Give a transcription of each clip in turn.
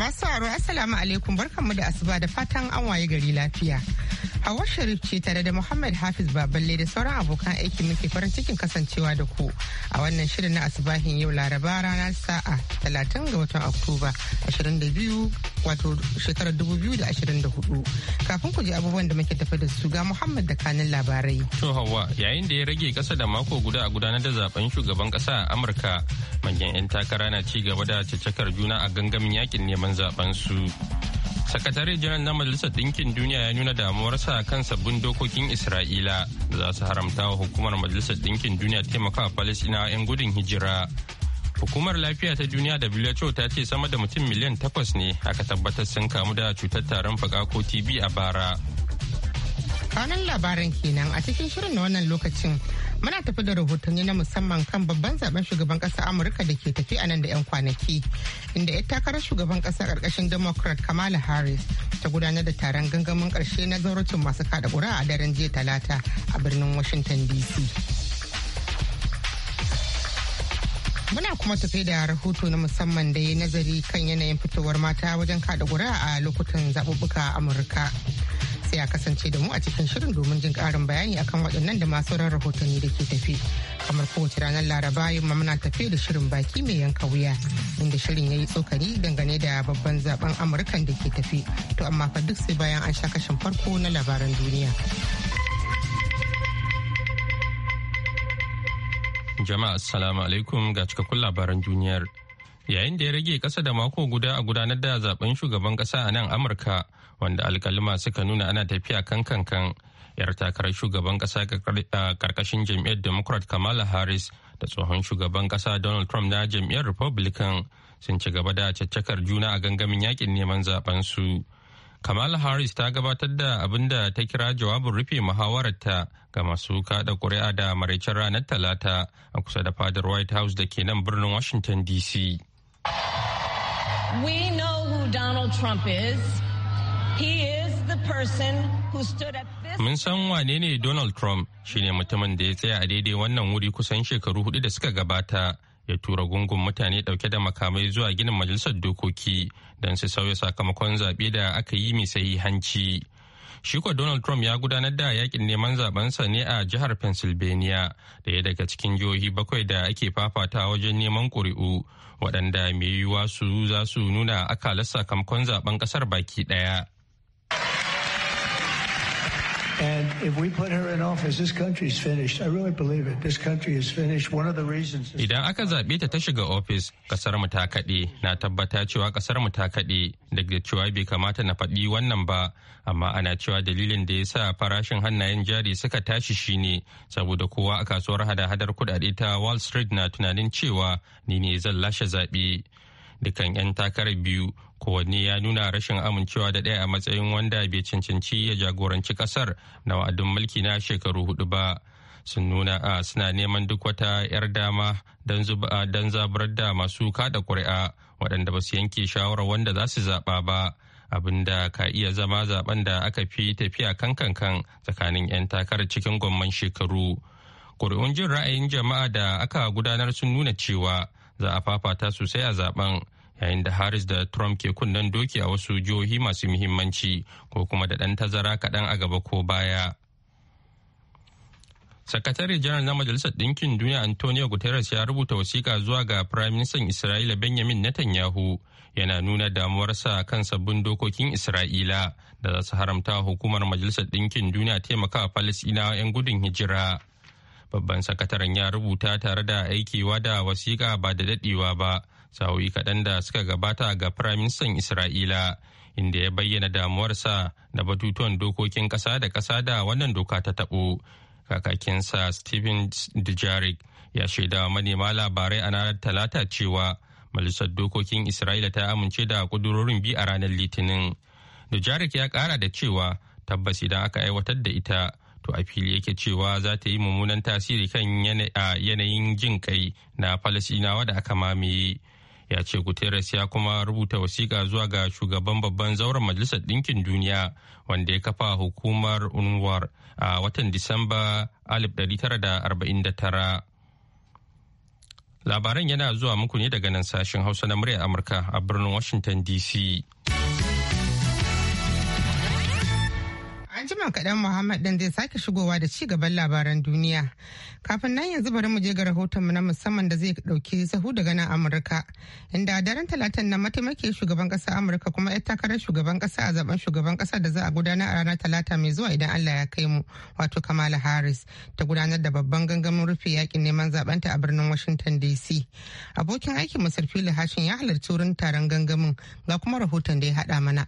Masu aro Assalamu alaikum barkanmu da asuba da fatan an waye gari lafiya. hawa Sharif ce tare da Muhammad Hafiz Baballe da sauran abokan aiki muke farin cikin kasancewa da ku a wannan shirin na asubahin yau Laraba ranar sa'a 30 ga watan Oktoba 22 wato shekarar 2024. Kafin ku ji abubuwan da muke tafi da su ga Muhammad da kanin labarai. To Hawa yayin da ya rage kasa da mako guda a gudanar da zaben shugaban kasa a Amurka manyan 'yan takara na ci gaba da cakar juna a gangamin yakin neman zaben su sakatare janar na majalisar ɗinkin duniya ya nuna damuwarsa kan sabbin dokokin isra'ila za su haramta wa hukumar majalisar ɗinkin duniya taimakawa a 'yan gudun hijira Hukumar Lafiya ta Duniya da WHO ta ce sama da mutum miliyan takwas ne aka tabbatar sun kamu da cutar tarin fuka ko TB a bara kanan labaran kenan a cikin shirin na wannan lokacin muna tafi da rahotanni na musamman kan babban zaben shugaban ƙasa amurka da ke tafi a nan da 'yan kwanaki inda ya takarar shugaban ƙasa karkashin democrat kamala harris ta gudanar da taron gangamin karshe na zauracin masu kada ƙuri'a a daren jiya talata a birnin washington dc Muna kuma tafi da rahoto na musamman da ya nazari kan yanayin fitowar mata wajen kada ƙuri'a a lokutan zaɓuɓɓuka a Amurka. sai a kasance da mu a cikin shirin domin jin karin bayani akan waɗannan da masu ran rahotanni da ke tafi kamar kowace ranar laraba yin muna tafe da shirin baki mai yanka wuya inda shirin ya yi tsokani dangane da babban zaben amurkan da ke tafi to amma fa duk sai bayan an sha kashin farko na labaran duniya jama'a assalamu alaikum ga cikakkun labaran duniyar yayin da ya rage kasa da mako guda a gudanar da zaben shugaban kasa a nan amurka wanda alkalima suka nuna ana tafiya kan kankan yar takarar shugaban kasa karkashin jam'iyyar democrat kamala harris da tsohon shugaban kasa donald trump na jam'iyyar republican sun ci gaba da caccakar juna a gangamin yakin neman zaben su kamala harris ta gabatar da abin da ta kira jawabin rufe muhawararta ga masu kada kuri'a da maraicin ranar talata a kusa da fadar white house da ke nan birnin washington dc We know who Donald Trump is. He is the person who stood at this Mun san wane ne Donald Trump shine mutumin da ya tsaya a daidai wannan wuri kusan shekaru hudu da suka gabata ya tura gungun mutane dauke da makamai zuwa ginin majalisar dokoki don su sauya sakamakon zaɓe da aka yi mai sahihanci hanci. Shi kuwa Donald Trump ya gudanar da yakin neman zabensa ne a jihar Pennsylvania da ya daga cikin jihohi bakwai da ake fafata wajen neman ƙuri'u waɗanda mai yiwuwa su za su nuna akalar sakamakon zaben ƙasar baki ɗaya. And if we put her in office, this country is finished. I really believe it. This country is finished. One of the reasons. Idan aka zaɓe ta ta shiga ofis, ƙasar mu ta kaɗe. Na tabbata cewa ƙasar mu ta kaɗe. Duk da cewa bai kamata na faɗi wannan ba, amma ana cewa dalilin da ya sa farashin hannayen jari suka tashi shine saboda kowa a kasuwar hada-hadar kuɗaɗe ta Wall Street na tunanin cewa ni ne zan lashe zaɓe. dukan 'yan takarar biyu kowanne ya nuna rashin amincewa da ɗaya a matsayin wanda bai cancanci ya jagoranci ƙasar na wa'adin mulki na shekaru hudu ba sun nuna a suna neman duk wata 'yar dama don zabar da masu kada ƙuri'a waɗanda ba su yanke shawarar wanda za su zaɓa ba abin da ka iya zama zaben da aka fi tafiya kan kan tsakanin 'yan takarar cikin gwamman shekaru ƙuri'un jin ra'ayin jama'a da aka gudanar sun nuna cewa za a fafata sosai a zaben yayin da harris da trump ke kunnen doki a wasu jihohi masu muhimmanci ko kuma da ɗan tazara kaɗan a gaba ko baya sakatare janar na majalisar ɗinkin duniya antonio guterres ya rubuta wasiƙa zuwa ga firaministan isra'ila benjamin netanyahu yana nuna damuwarsa kan sabbin dokokin isra'ila da za su haramta hukumar majalisar ɗinkin duniya taimakawa falasɗinawa 'yan gudun hijira babban sakataren ya rubuta tare da aikewa da wasiƙa ba da daɗewa ba sa'o'i kaɗan da suka gabata ga firaministan isra'ila inda ya bayyana damuwarsa da batutuwan dokokin ƙasa da ƙasa da wannan doka ta taɓo kakakinsa stephen dujarik ya shaida manema labarai a ranar talata cewa majalisar dokokin isra'ila ta amince da kudurorin bi a ranar litinin dujarik ya kara da cewa tabbas idan aka aiwatar da ita to a fili yake cewa za ta yi mummunan tasiri kan yanayin jin kai na falasinawa da aka mamaye ya ce guterres ya kuma rubuta wasiƙa zuwa ga shugaban babban zauren majalisar ɗinkin duniya wanda ya kafa hukumar unwar a watan disamba 1949 labaran yana zuwa muku ne daga nan sashen hausa na murya amurka a birnin washington dc jima kaɗan Muhammad ɗin zai sake shigowa da ci gaban labaran duniya. Kafin nan yanzu bari mu je ga rahotonmu na musamman da zai ɗauki sahu daga nan Amurka. Inda daren talatin na mataimaki shugaban ƙasa Amurka kuma yar takarar shugaban kasa a zaben shugaban kasa da za a gudanar a ranar talata mai zuwa idan Allah ya kai mu wato Kamala Harris ta gudanar da babban gangamin rufe yakin neman zaɓenta a birnin Washington DC. Abokin aikin masarfi lahashin Hashin ya halarci wurin taron gangamin ga kuma rahoton da ya haɗa mana.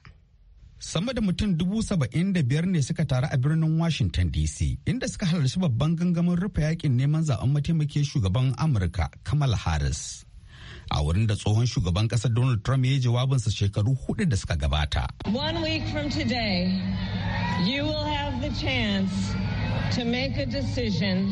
sama da mutum dubu saba'in da biyar ne suka taru a birnin washington dc inda suka halarci babban gangamin rufe yakin neman zaɓen mataimakin shugaban amurka kamala harris a wurin da tsohon shugaban kasar donald trump ya yi jawabinsa shekaru hudu da suka gabata one week from today you will have the chance to make a decision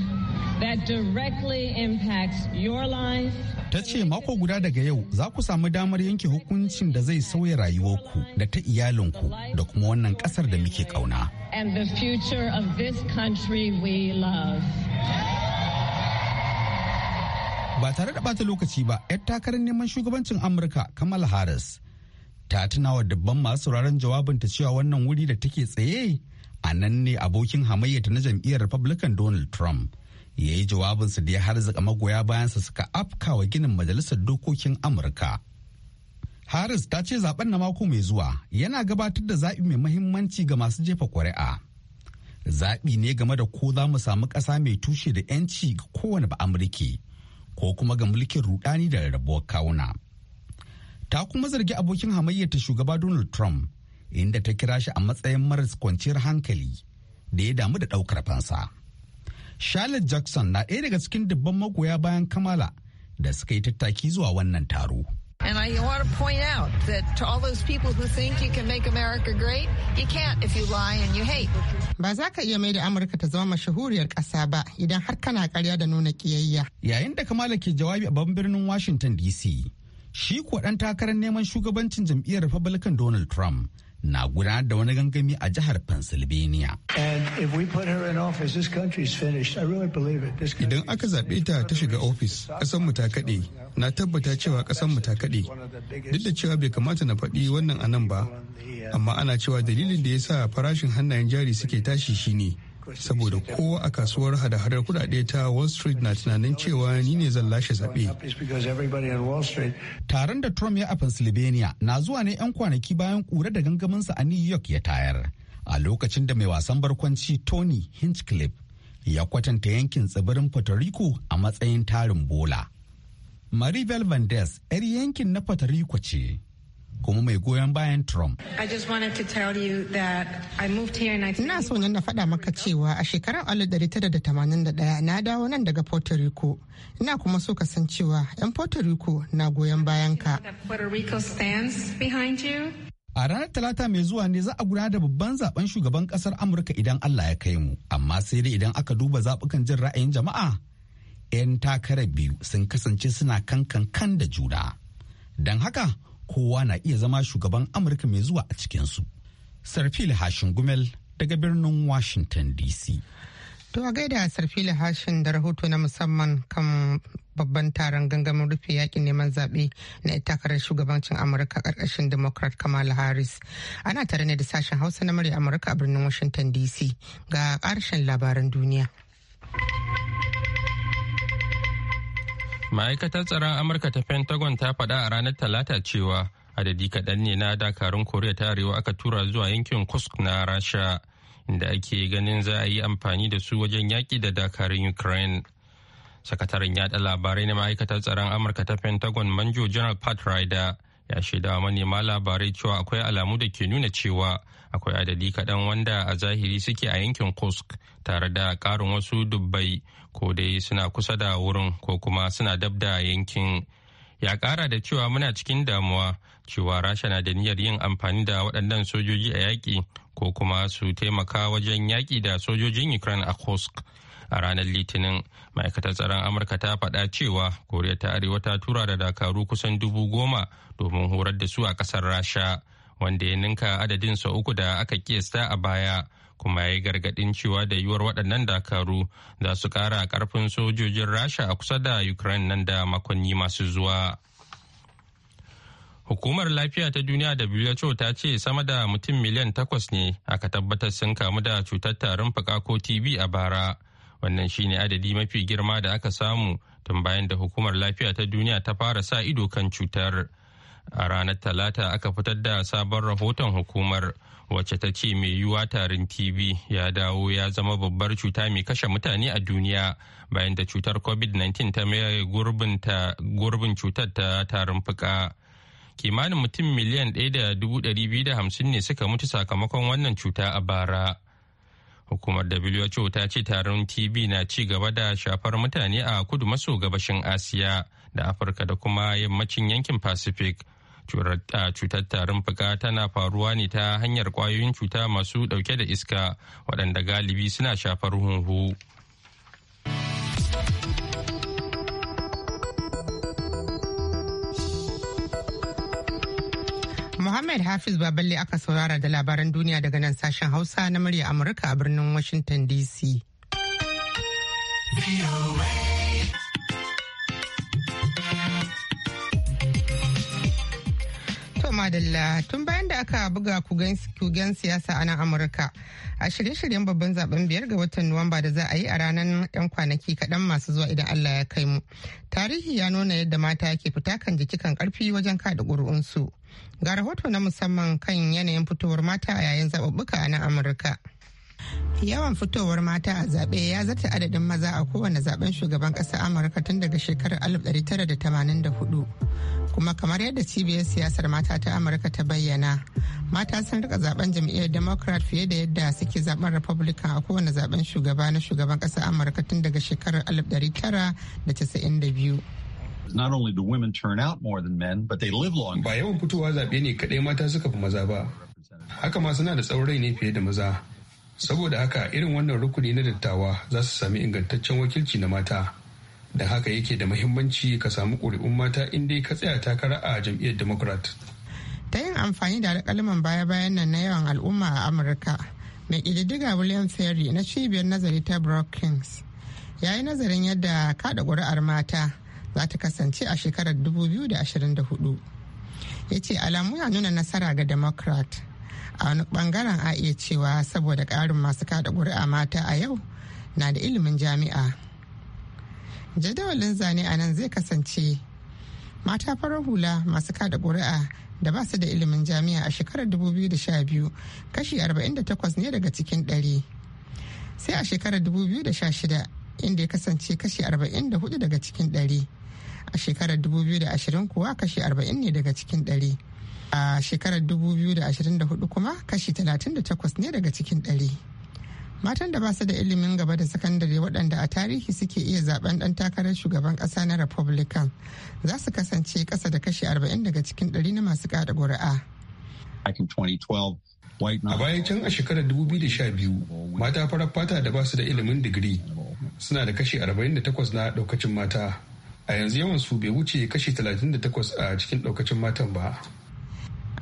that directly impacts your life. Ta ce mako guda daga yau za ku samu damar yanke hukuncin da zai sauya rayuwarku da ta iyalinku da kuma wannan kasar da muke kauna. And the future of this country we love. Ba tare da bata lokaci ba, 'yar takarar neman shugabancin Amurka Kamala Harris ta tunawa dubban masu sauraron jawabinta cewa wannan wuri da take tsaye a nan ne abokin hamayyata na jam'iyyar Republican Donald Trump. ya yi jawabinsa da ya harzika magoya bayansa suka afka wa ginin majalisar dokokin amurka harris ta ce zaben na mako mai zuwa yana gabatar da zaɓi mai mahimmanci ga masu jefa ƙuri'a zaɓi ne game da ko za mu samu ƙasa mai tushe da 'yanci ga kowane ba amurki ko kuma ga mulkin rudani da rabuwar kawuna ta kuma zargi abokin hamayyar ta shugaba donald trump inda ta kira shi a matsayin maras kwanciyar hankali da ya damu da ɗaukar fansa. Charlotte Jackson na ɗaya daga cikin dubban magoya bayan Kamala da suka yi tattaki zuwa wannan taro. And I want to point out that to all those people who think you can make America great, you can't if you lie and you hate. Ba za ka iya mai da Amurka ta zama mashahuriyar ƙasa ba idan har kana karya da nuna ƙiyayya. Yayin da Kamala ke jawabi a babban birnin Washington DC, shi kuwa ɗan takarar neman shugabancin jam'iyyar Republican Donald Trump na gudanar da wani gangami a jihar Pennsylvania. Idan aka zaɓe ta ta shiga ofis, mu ta kaɗe, na tabbata cewa mu ta kaɗe. Duk da cewa bai kamata na faɗi wannan anan ba, amma ana cewa dalilin da ya sa farashin hannayen jari suke tashi shi ne. saboda kowa a kasuwar hada-hadar kudade ta wall street na tunanin cewa ni ne zan lashe zaɓe. taron da trump ya a pennsylvania na zuwa ne 'yan kwanaki bayan kura da gangaminsa a new york ya tayar a lokacin da mai wasan barkwanci tony hinchcliffe ya kwatanta yankin tsibirin puerto rico a matsayin tarin bola marie van 'yar yankin na puerto rico ce kuma mai goyon bayan Trump. Ina so nan na faɗa maka cewa a shekarar 1981 na dawo nan daga Puerto Rico. Ina kuma so ka san cewa 'yan Puerto Rico na goyon bayan ka. A ranar Talata mai zuwa ne za a gudanar da babban zaben shugaban kasar Amurka idan Allah ya kai mu, amma sai dai idan aka duba zaɓukan jin ra'ayin jama'a, 'yan takarar biyu sun kasance suna kankan kan da juna. Don haka, kowa na iya zama shugaban amurka mai zuwa a cikinsu sarfil hashin gumel daga birnin washington dc to a gaida sarfil hashin da rahoto na musamman kan babban taron gangamin rufe yakin neman zaɓe na takarar shugabancin amurka ƙarƙashin democrat kamala harris ana tare ne da sashen hausa na murya amurka a birnin washington dc ga ƙarshen labaran duniya ma'aikatar tsaron amurka ta pentagon ta faɗa a ranar talata cewa adadi kaɗan ne na dakarun koriya ta arewa aka tura zuwa yankin kusk na rasha inda ake ganin za a yi amfani da su wajen yaƙi da dakarun ukraine sakataren yada labarai na ma'aikatar tsaron amurka ta pentagon manjo general pat ryder ya shaida manema labarai cewa akwai alamu da ke nuna cewa akwai adadi kaɗan wanda a zahiri suke a yankin kusk tare da karin wasu dubbai ko dai suna kusa da wurin ko kuma suna dab da yankin. Ya ƙara da cewa muna cikin damuwa cewa Rasha na da niyyar yin amfani da waɗannan sojoji a yaƙi ko kuma su taimaka wajen yaƙi da sojojin Ukraine a kusk. a ranar litinin ma'aikatar tsaron amurka ta faɗa cewa koriya ta arewa ta tura da dakaru kusan dubu goma domin horar da su a ƙasar rasha wanda ya ninka adadin sau uku da aka kiyasta a baya kuma ya yi gargaɗin cewa da yiwuwar waɗannan dakaru za su ƙara ƙarfin sojojin rasha a kusa da ukraine nan da makonni masu zuwa hukumar lafiya ta duniya da who ta ce sama da mutum miliyan takwas ne aka tabbatar sun kamu da cutar tarin fuka ko TV a bara wannan shine adadi mafi girma da aka samu tun bayan da hukumar lafiya ta duniya ta fara sa ido kan cutar a ranar talata aka fitar da sabon rahoton hukumar wacce ta ce mai yiwuwa tarin tb ya dawo ya zama babbar cuta mai kashe mutane a duniya bayan da cutar covid-19 ta mayar gurbin cutar ta tarin fuka kimanin mutum miliyan 1,250 ne suka mutu sakamakon wannan cuta a bara. Hukumar WHO ta ce taron TB na ci gaba da shafar mutane a kudu maso gabashin Asiya da Afirka da kuma yammacin yankin Pacific. Cutar tarin fuka tana faruwa ne ta hanyar kwayoyin cuta masu dauke da iska waɗanda galibi suna shafar huhu. ahmed Hafiz Baballe aka saurara da labaran duniya daga nan sashen Hausa na murya Amurka a birnin Washington DC. madalla tun bayan da aka buga kugen siyasa a nan amurka a shirye-shiryen babban zaben biyar ga watan nuwamba da za a yi a ranar 'yan kwanaki kaɗan masu zuwa idan allah ya kai mu tarihi ya nuna yadda mata ke fita kan jiki kan karfi wajen kada ƙuri'unsu Ga rahoto na musamman kan yanayin fitowar mata a yayin zaɓuɓɓuka na Amurka. Yawan fitowar mata a zaɓe ya zata adadin maza a kowane zaben shugaban ƙasa Amurka tun daga shekarar 1984. Kuma kamar yadda cibiyar siyasar mata ta Amurka ta bayyana, mata sun rika zaben jam'iyyar Democrat fiye da yadda suke zaben Republican a kowane zaben shugaba na shugaban ƙasa Amurka tun daga shekarar 1992. not only do women turn out more than men, but they live longer. Ba yawan fitowa zaɓe ne kaɗai mata suka fi maza ba. Haka ma suna da tsaurai ne fiye da maza. Saboda haka irin wannan rukuni na dattawa za su sami ingantaccen wakilci na mata. Da haka yake da muhimmanci ka samu ƙuri'un mata in dai ka tsaya takara a jam'iyyar Democrat. Ta yin amfani da alƙaliman baya-bayan nan na yawan al'umma a Amurka, mai ƙididdiga William Ferry na cibiyar nazari ta Brookings ya yi nazarin yadda kaɗa ƙuri'ar mata za ta kasance a shekarar 2024 ya ce alamu ya nuna nasara ga democrat a wani bangaren a iya cewa saboda karin masu kada ƙuri'a mata a yau na da ilimin jami'a jadawalin zane a nan zai kasance mata farar hula masu kada ƙuri'a da ba su da ilimin jami'a a shekarar 2012 kashi 48 ne daga cikin 100 sai a shekarar 2016 inda ya kasance kashi 44 daga cikin 100 a shekarar 2020 kuwa kashi 40 ne daga cikin ɗari. a shekarar 2024 kuma kashi 38 ne daga cikin ɗari. matan da ba su da ilimin gaba da sakandare waɗanda a tarihi suke iya zaben ɗan takarar shugaban ƙasa na republican za su kasance ƙasa da kashi 40 daga cikin ɗari na masu ƙada ƙuri'a. a bayan can a shekarar 2012 mata farar fata da ba su da ilimin digiri suna da kashi 48 na ɗaukacin mata a yanzu yawan su bai wuce kashi 38 a cikin daukacin matan ba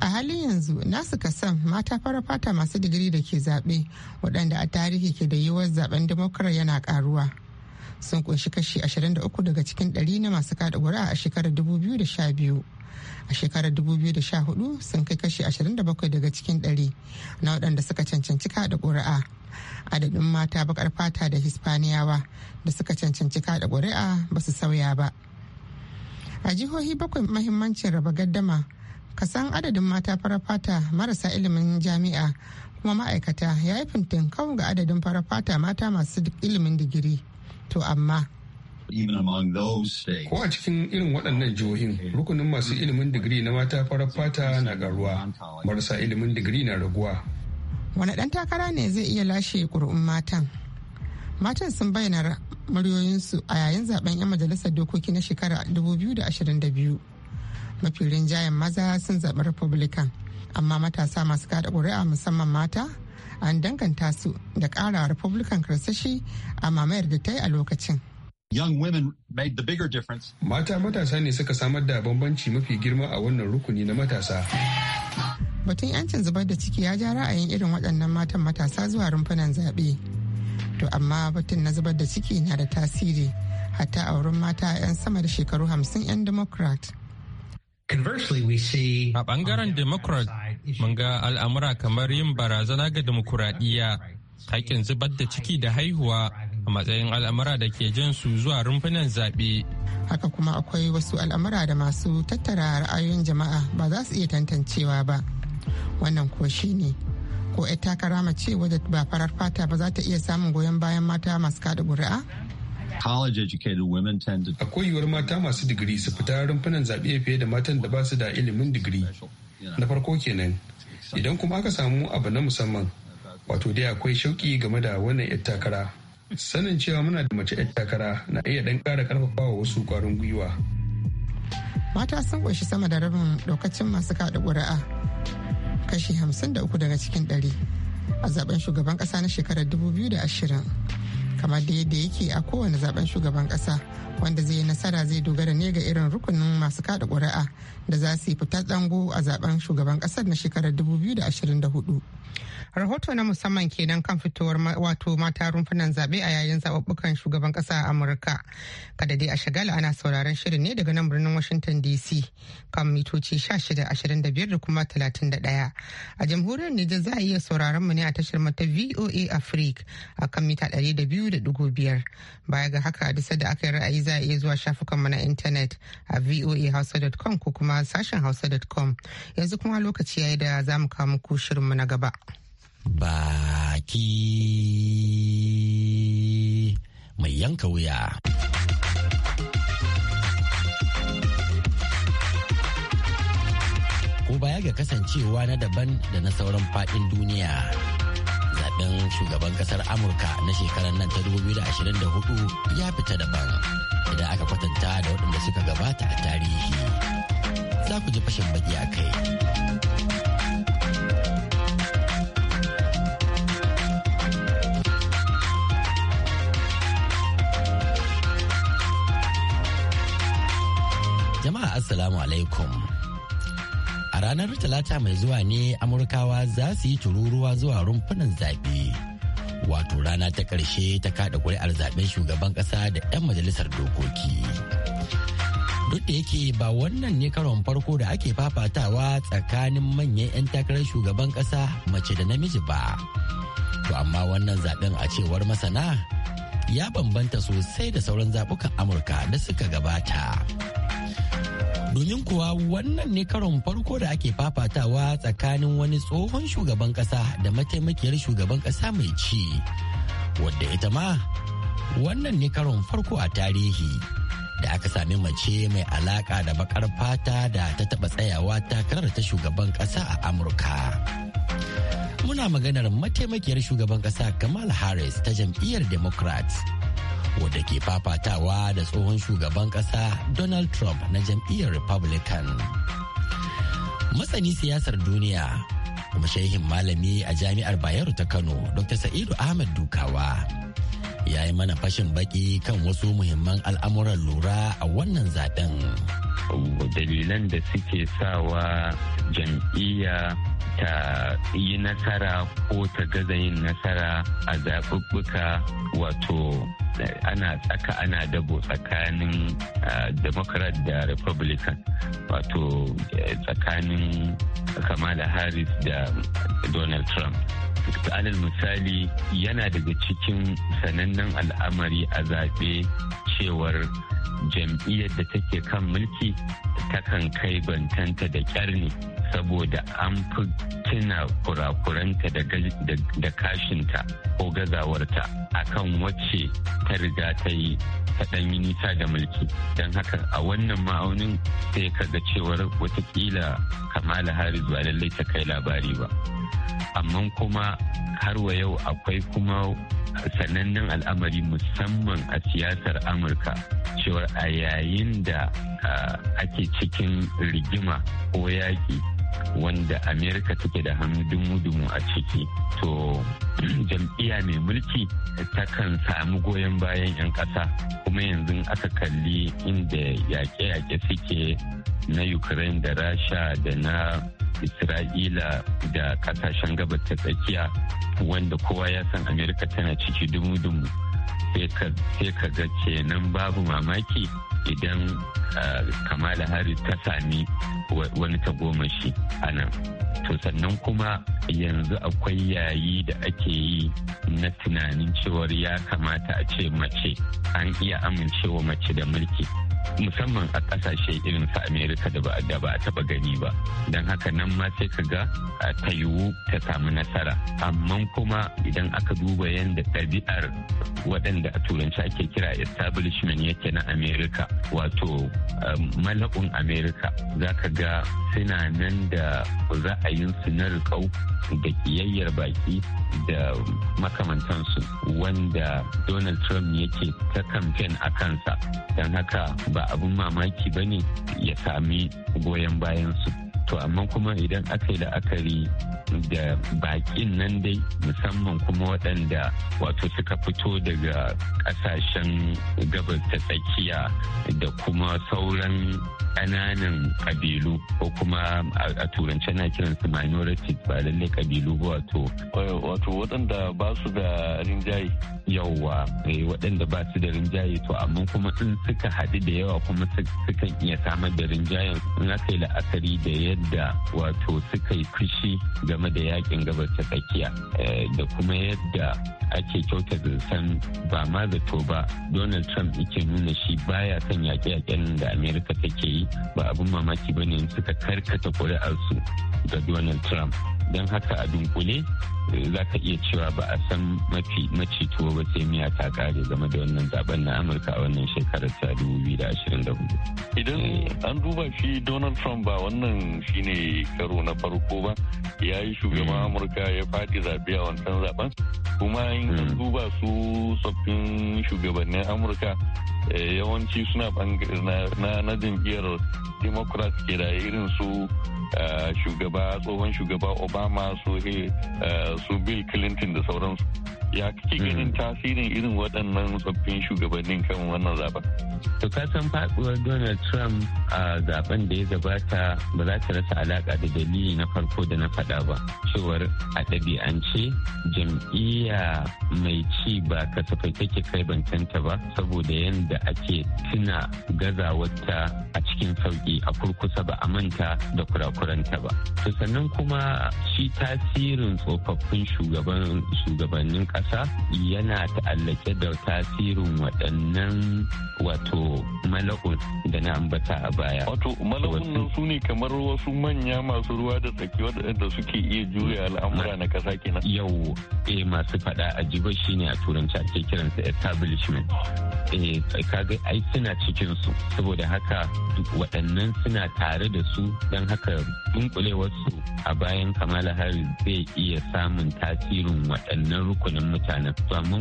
a halin yanzu nasu kasan mata fara fata masu digiri da ke zaɓe waɗanda a tarihi ke da yiwuwar zaben demokra yana ƙaruwa sun kunshi kashi 23 daga cikin 100 na masu kada ƙuri'a a shekarar 2012 a shekarar 2014 sun kai kashi 27 daga cikin ɗari na waɗanda suka cancanci kaɗa ƙuri'a adadin mata baƙar fata da hispaniyawa da suka cancanci kaɗa ƙuri'a ba su sauya ba a jihohi bakwai mahimmancin raba gaddama kasan adadin mata farar fata marasa ilimin jami'a kuma ma'aikata ya yi fintin kawo ga adadin fara fata mata masu ilimin digiri to amma Ko a cikin irin waɗannan jihohin rukunin masu ilimin digiri na mata farar fata na garuwa marasa ilimin digiri na raguwa. Wani ɗan takara ne zai iya lashe ƙuri'un matan? Matan sun bayyana muryoyinsu a yayin zaben 'yan majalisar dokoki na shekarar 2022. Mafi rinjayen maza sun zaɓi Republican, amma matasa masu kada ƙuri'a musamman mata an danganta su da ƙara Republican karsashi a mamayar da ta yi a lokacin. Young women made the bigger difference. Mata matasa ne suka samar da bambanci mafi girma a wannan rukuni na matasa. Batun 'yancin zubar da ciki ya ja ra'ayin irin waɗannan matan matasa zuwa rumfunan zaɓe. To amma batun na zubar da ciki na da tasiri hatta a wurin mata 'yan sama da shekaru hamsin 'yan Democrat. A bangaren Democrat, mun ga al'amura kamar yin barazana ga dimokuraɗiyya haƙƙin zubar da ciki da haihuwa a matsayin al'amura da ke jan su zuwa rumfunan zaɓe. Haka kuma akwai wasu al'amura da masu tattara ra'ayoyin jama'a ba za su iya tantancewa ba. Wannan ko shi ne ko 'yar takara mace wadda ba farar fata ba za ta iya samun goyon bayan mata masu kada ƙuri'a? akwai yiwuwar mata masu digiri su fita rumfunan zaɓe fiye da matan da ba su da ilimin digiri. Na farko kenan, idan kuma aka samu abu na musamman, wato dai akwai shauƙi game da wannan 'yar takara. sanin cewa muna da mace 'yan takara na iya dan kara karfafa wa wasu kwarin gwiwa mata sun ƙunshi sama da rabin lokacin masu kaɗa ƙuri'a kashi 53 daga cikin ɗari a zaben shugaban ƙasa na shekarar 2020 kamar da yadda yake a kowane zaben shugaban ƙasa wanda zai yi nasara zai dogara ne ga irin rukunin masu kaɗa ƙuri'a da za su yi fitar dango a zaben shugaban ƙasar na shekarar 2024 rahoto na musamman kenan kan fitowar wato mata rumfunan zaɓe a yayin zaɓuɓɓukan shugaban ƙasa a amurka kada dai a shagala ana sauraron shirin ne daga nan birnin washington dc kan mitoci 1625 da kuma 31 a jamhuriyar nijar za a iya sauraron mu ne a tashar mata voa africa a kan mita 200.5 baya ga haka a disa da aka yi ra'ayi za a iya zuwa shafukan mu na intanet a voahausa.com ko kuma sashen hausa.com yanzu kuma lokaci ya yi da za mu kawo muku shirin mu na gaba. baki mai yanka wuya. Ko baya ga kasancewa na daban da na sauran faɗin duniya. Zaben shugaban kasar Amurka na shekarar nan ta 2024 ya fita daban idan aka kwatanta da waɗanda suka gabata a tarihi. Za ku ji fashin baki a kai. Jama'a Assalamu alaikum. A ranar Talata mai zuwa ne Amurkawa za su yi tururuwa zuwa rumfunan zaɓe. Wato rana ta ƙarshe ta kaɗa ƙuri'ar zaɓen shugaban ƙasa da 'yan majalisar dokoki. Duk da yake ba wannan ne karon farko da ake fafatawa tsakanin manyan 'yan takarar shugaban ƙasa mace da namiji ba. To amma wannan zaɓen a cewar masana ya bambanta sosai da sauran zaɓukan Amurka da suka gabata. domin kuwa wannan ne karon farko da ake fafatawa tsakanin wani tsohon shugaban kasa da mataimakiyar shugaban kasa mai ci wadda ita ma wannan ne karon farko a tarihi da aka sami mace mai alaka da bakar fata da ta taba tsayawa takarar ta shugaban kasa a amurka muna maganar mataimakiyar shugaban kasa kamal harris ta jam'iyyar democrats wadda ke fafatawa da tsohon shugaban kasa Donald Trump na jam'iyyar Republican. masani siyasar duniya kuma shehin malami a jami'ar Bayero ta Kano Dr. Sa'idu Ahmed Dukawa ya yi mana fashin baki kan wasu muhimman al'amuran lura a wannan zaben. Dalilan da suke sawa jam'iyya ta yi nasara ko ta gaza yin nasara a zaɓuɓɓuka wato ana tsaka ana dabo tsakanin eh, democrat da republican wato eh, tsakanin kamala harris da donald trump alal misali yana daga cikin sanannen al'amari a zaɓe cewar jam'iyyar da take kan mulki kan kai bantanta da kyar ne saboda an fi tuna kurakuranta da kashinta ko gazawarta a kan wacce ta riga ta yi ta ɗan yi nisa da mulki don haka a wannan ma'aunin sai ka ga cewar watakila kamala harris ba lallai ta kai labari ba amma kuma har wa yau akwai kuma sanannen al'amari musamman a siyasar amurka cewar a yayin da ah, ake cikin rigima ko yaƙi wanda amerika take da hannu dumu-dumu a ciki to jam'iyya mai mulki ta kan samu goyon bayan 'yan ƙasa kuma yanzu aka kalli inda yaƙe-yaƙe suke na ukraine da rasha da na isra'ila da ƙasashen gabata ta tsakiya wanda kowa ya san amerika tana ciki dumu-dumu sai ka ga kenan babu mamaki idan kamala hari ta sami wani tagomashi a nan to sannan kuma yanzu akwai yayi da ake yi na tunanin cewar ya kamata a ce mace an iya amincewa mace da mulki musamman a kasashe irin su amerika da ba a taba gani ba don haka nan ma sai ka ga ta yiwu ta samu nasara amma kuma idan aka duba yadda ɗabi'ar waɗanda a turanci ake kira establishment yake na amerika wato mala'un amerika za ka ga suna nan da su na rikau da kiyayyar baki da makamantansu wanda donald trump yake ta kamfen a kansa don haka ba abin mamaki ba ne ya sami goyon bayansu to amma kuma idan aka yi la'akari da bakin nan dai musamman kuma waɗanda wato suka fito daga ƙasashen gabas ta tsakiya da kuma sauran ƙananan kabilu ko kuma a turance na kiran su minority ba lallai kabilu ba wato eh, wato waɗanda ba su da rinjaye yawwa eh, waɗanda ba su da rinjaye to amma kuma in suka haɗu da yawa kuma suka iya samar da rinjaye in aka la'akari da yadda wato suka yi fushi game da yakin gabas ta tsakiya eh, da kuma yadda ake kyauta san ba ma zato ba donald trump yake nuna shi baya son yaƙe-yaƙen da amerika take yi ba abin mamaki ba ne suka karkata kuri'arsu ga donald trump don haka a dunkule za ka iya cewa ba a san mafi macituwa ba sai miya ta kare game da wannan zaben na amurka a wannan shekarar ta 2024 idan eh. an duba shi donald trump ba wannan shine karo na farko ba ya yi shugaban hmm. amurka ya fadi zaɓe a wancan zaben kuma in an hmm. duba su tsoffin shugabannin amurka eh, yawanci suna na jam'iyyar democrat ke da irin su eh, shugaba tsohon shugaba obama su su bill clinton da sauransu ya kake mm. ganin tasirin irin waɗannan tsoffin shugabannin kan wannan zaben to ka san faɗuwar donald trump a zaben da ya gabata ba za ta rasa alaƙa da dalili na farko da na faɗa ba cewar a ɗabi'ance jam'iyya mai ci ba kasafai take kai bantanta ba saboda yadda ake tuna gazawarta a cikin sauƙi a kurkusa ba a manta da kurakuranta ba to sannan kuma shi tasirin tsofaffin shugabannin ƙasa yana ta'allake da tasirin waɗannan wato malakun da na ambata a baya. Wato malakun nan su ne kamar wasu manya masu ruwa da tsaki waɗanda suke iya juya al'amura na ƙasa kenan. Yau eh masu faɗa a jiba shi ne a turanci ake kiransa establishment. Eh kaga ai suna cikin su saboda haka waɗannan suna tare da su don haka dunkulewar su a bayan Kamala har zai iya samun tasirin waɗannan rukunin mutanen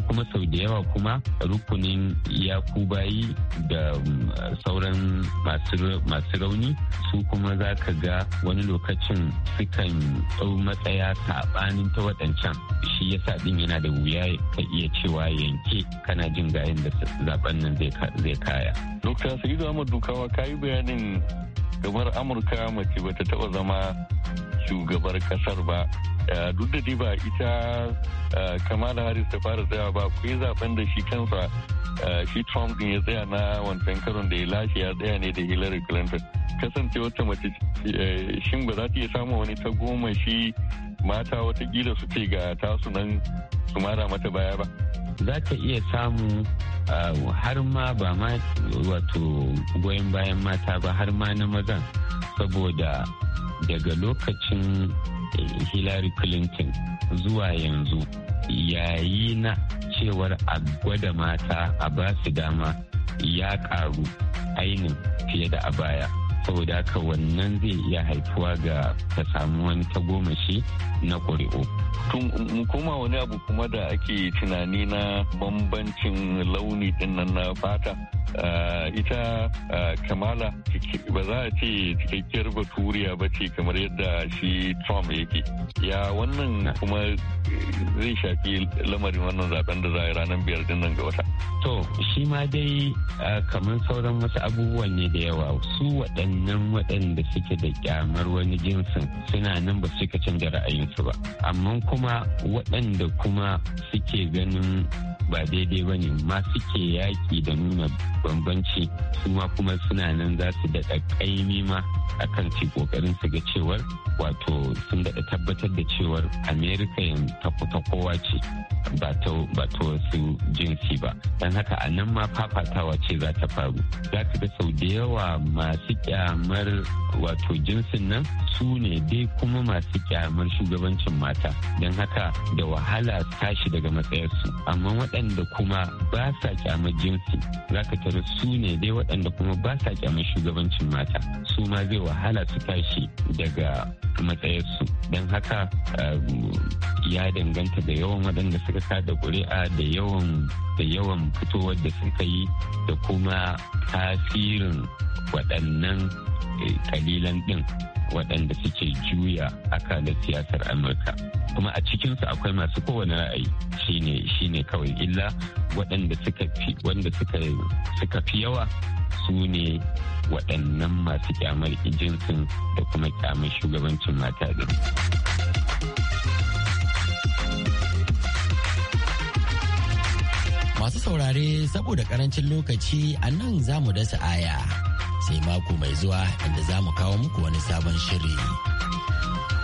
kuma sau da yawa kuma rukunin yakubayi da um, sauran masu rauni su kuma za ka ga wani lokacin sukan ɗau matsaya saɓanin ta waɗancan shi yasa ɗin yana da wuya ka iya cewa yanke kana jin gayin da zaben nan zai kaya. Dokta Sa'idu Ahmad Dukawa ka yi bayanin gabar Amurka mace bata taɓa zama shugabar ƙasar ba eh, duk da ba ita eh, kamar kamala harris ta fara tsayawa ba ku yi zaben da shi kansa eh, shi trump din ya tsaya na wancan karon da ya lashe ya tsaya ne da hillary clinton kasance wata mace eh, shin ba za ta iya samun wani ta goma shi mata watakila su ce ga tasu nan su mara mata baya ba za ta iya samun eh, har ma ba ma wato goyon bayan mata ba har ma na mazan saboda daga lokacin hillary clinton zuwa yanzu yayi na cewar a gwada mata a basu dama ya karu ainin fiye da a baya saboda haka wannan zai iya haifuwa ga ka samu wani tagomashi na ƙuri'u. mu koma wani abu kuma da ake tunani na bambancin launi dinnan na fata ah, ita ah, kamala ba za a ce cikakkiyar baturiya ba ce kamar yadda shi trump yake ya wannan kuma zai shafi lamarin wannan zaben da za a yi ranar biyar dinnan ga wata to shi ma dai ah, kamar sauran wasu abubuwan ne da yawa su waɗanne nan waɗanda suke da kyamar wani jinsin suna nan ba suka canza ra'ayinsu ba amma kuma waɗanda kuma suke ganin ba daidai ba ne ma suke yaƙi da nuna bambanci su ma kuma suna nan za su daɗa ƙaimi ma kan ci ƙoƙarin su ga cewar wato sun daɗa tabbatar da cewar amerika yanzu ta kowa ce ba ta wasu jinsi ba don haka a nan ma fafatawa ce za ta faru za ta ga sau da yawa masu ƙya kyamar wato jinsin nan su ne dai kuma masu kyamar shugabancin mata don haka da wahala tashi daga matsayarsu amma waɗanda kuma ba sa kyamar jinsi za ka tara su ne dai waɗanda kuma ba sa kyamar shugabancin mata su ma zai wahala su tashi daga matsayarsu don haka eh, ya danganta da yawan waɗanda suka da ƙuri'a da yawan da yawan fitowar da suka yi da kuma tasirin waɗannan 'yan eh, kalilan din waɗanda suke juya akalar siyasar amurka kuma a cikinsu akwai masu kowane ra'ayi shine kawai illa waɗanda suka fi wanda suka fi yawa su ne waɗannan masu kyamar jinsin da kuma kyamar shugabancin mata din masu saurare saboda karancin lokaci a nan za mu dasa aya sai mako mai zuwa inda za mu kawo muku wani sabon shiri.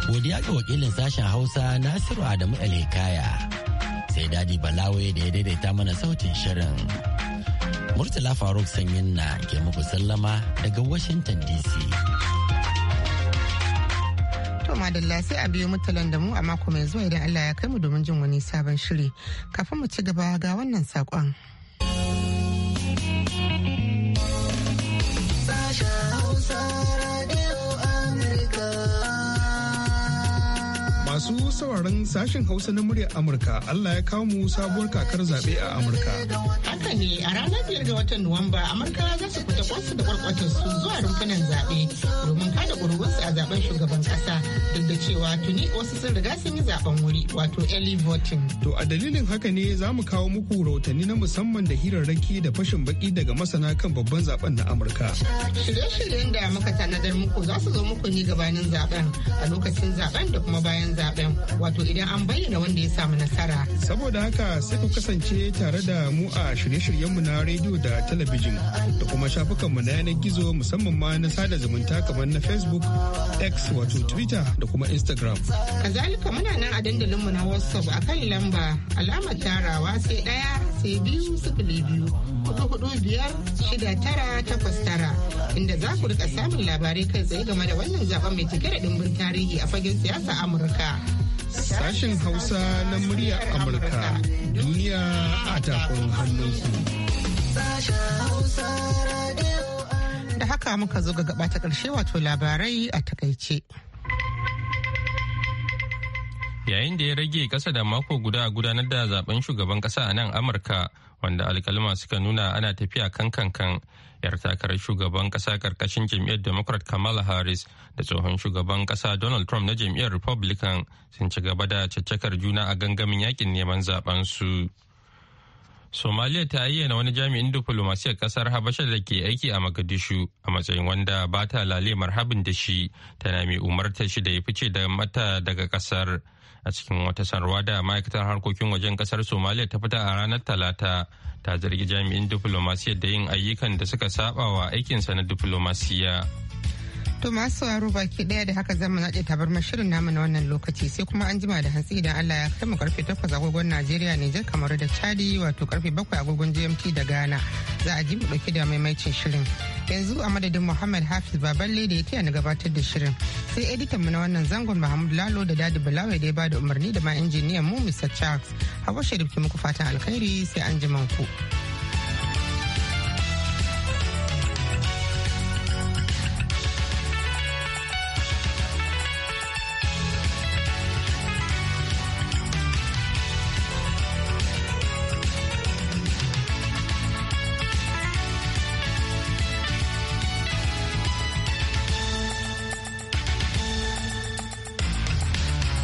Godiya ga wakilin sashen Hausa Nasiru Adamu Alhikaya sai Dadi Balawe da ya daidaita mana sautin shirin. Murtala Faruk Sanyin na ke muku sallama daga Washington DC. To madalla sai a biyo mutalan da mu a mako mai zuwa idan Allah ya kai mu domin jin wani sabon shiri. Kafin mu ci gaba ga wannan saƙon. sauraron sashen Hausa na muryar Amurka Allah ya kawo mu sabuwar kakar zaɓe a Amurka. Haka ne a ranar biyar ga watan Nuwamba Amurka za su fita kwasu da kwarkwatar su zuwa rumfunan zaɓe domin kada ƙuri'unsu a zaben shugaban ƙasa duk da cewa tuni wasu sun riga sun yi zaben wuri wato early voting. To a dalilin haka ne za mu kawo muku rahotanni na musamman da hirarraki da fashin baki daga masana kan babban zaben na Amurka. Shirye-shiryen da muka tanadar muku za su zo muku ne gabanin zaben a lokacin zaben da kuma bayan zaben. wato idan an bayyana wanda ya samu nasara. Saboda haka sai ku kasance tare da mu a shirye-shiryenmu na rediyo da talabijin da kuma shafukanmu na yanar gizo musamman ma na sada zumunta kamar na Facebook, X wato Twitter da kuma Instagram. Kazalika muna nan a dandalinmu na WhatsApp akan lamba alamar tarawa sai ɗaya sai biyu sifili biyu hudu hudu biyar shida tara takwas tara inda za ku rika samun labarai kai tsaye game da wannan zaben mai cike da dimbin tarihi a fagen siyasa Amurka. Sashen Hausa na murya Amurka duniya a takon hannunsu Da haka muka zo ga gaba ta ƙarshe wato labarai a takaice. yayin da ya rage kasa da mako guda a gudanar da zaben shugaban kasa a nan amurka wanda alkalma suka nuna ana tafiya kan kankan yar takarar shugaban kasa karkashin jam'iyyar democrat kamala harris da tsohon shugaban kasa donald trump na jam'iyyar republican sun ci gaba da caccakar juna a gangamin yakin neman zaben su somaliya ta ayyana wani jami'in diplomasiyyar kasar habasha da ke aiki a magadishu a matsayin wanda ba ta lalemar habin da shi tana mai umartar shi da ya fice da mata daga kasar a cikin wata sanarwa da ma'aikatar harkokin wajen kasar somaliya ta fita a ranar talata ta zargi jami'in diflomasiyyar da yin ayyukan da suka saba wa aikinsa na diflomasiyya to masu sauraro baki daya da haka zama naɗe tabar shirin namu na wannan lokaci sai kuma an jima da hantsi idan allah ya kai mu karfe 8 agogon najeriya nijar kamar da chadi wato karfe 7 agogon gmt da ghana za a ji mu ɗauki da maimaicin shirin yanzu a madadin muhammad hafiz baballe da ya taya na gabatar da shirin sai editan mu na wannan zangon mahmud lalo da dadi balawa da ya bada umarni da ma injiniyan mu mr charles hawa sharif ki muku fatan alkhairi sai an ku.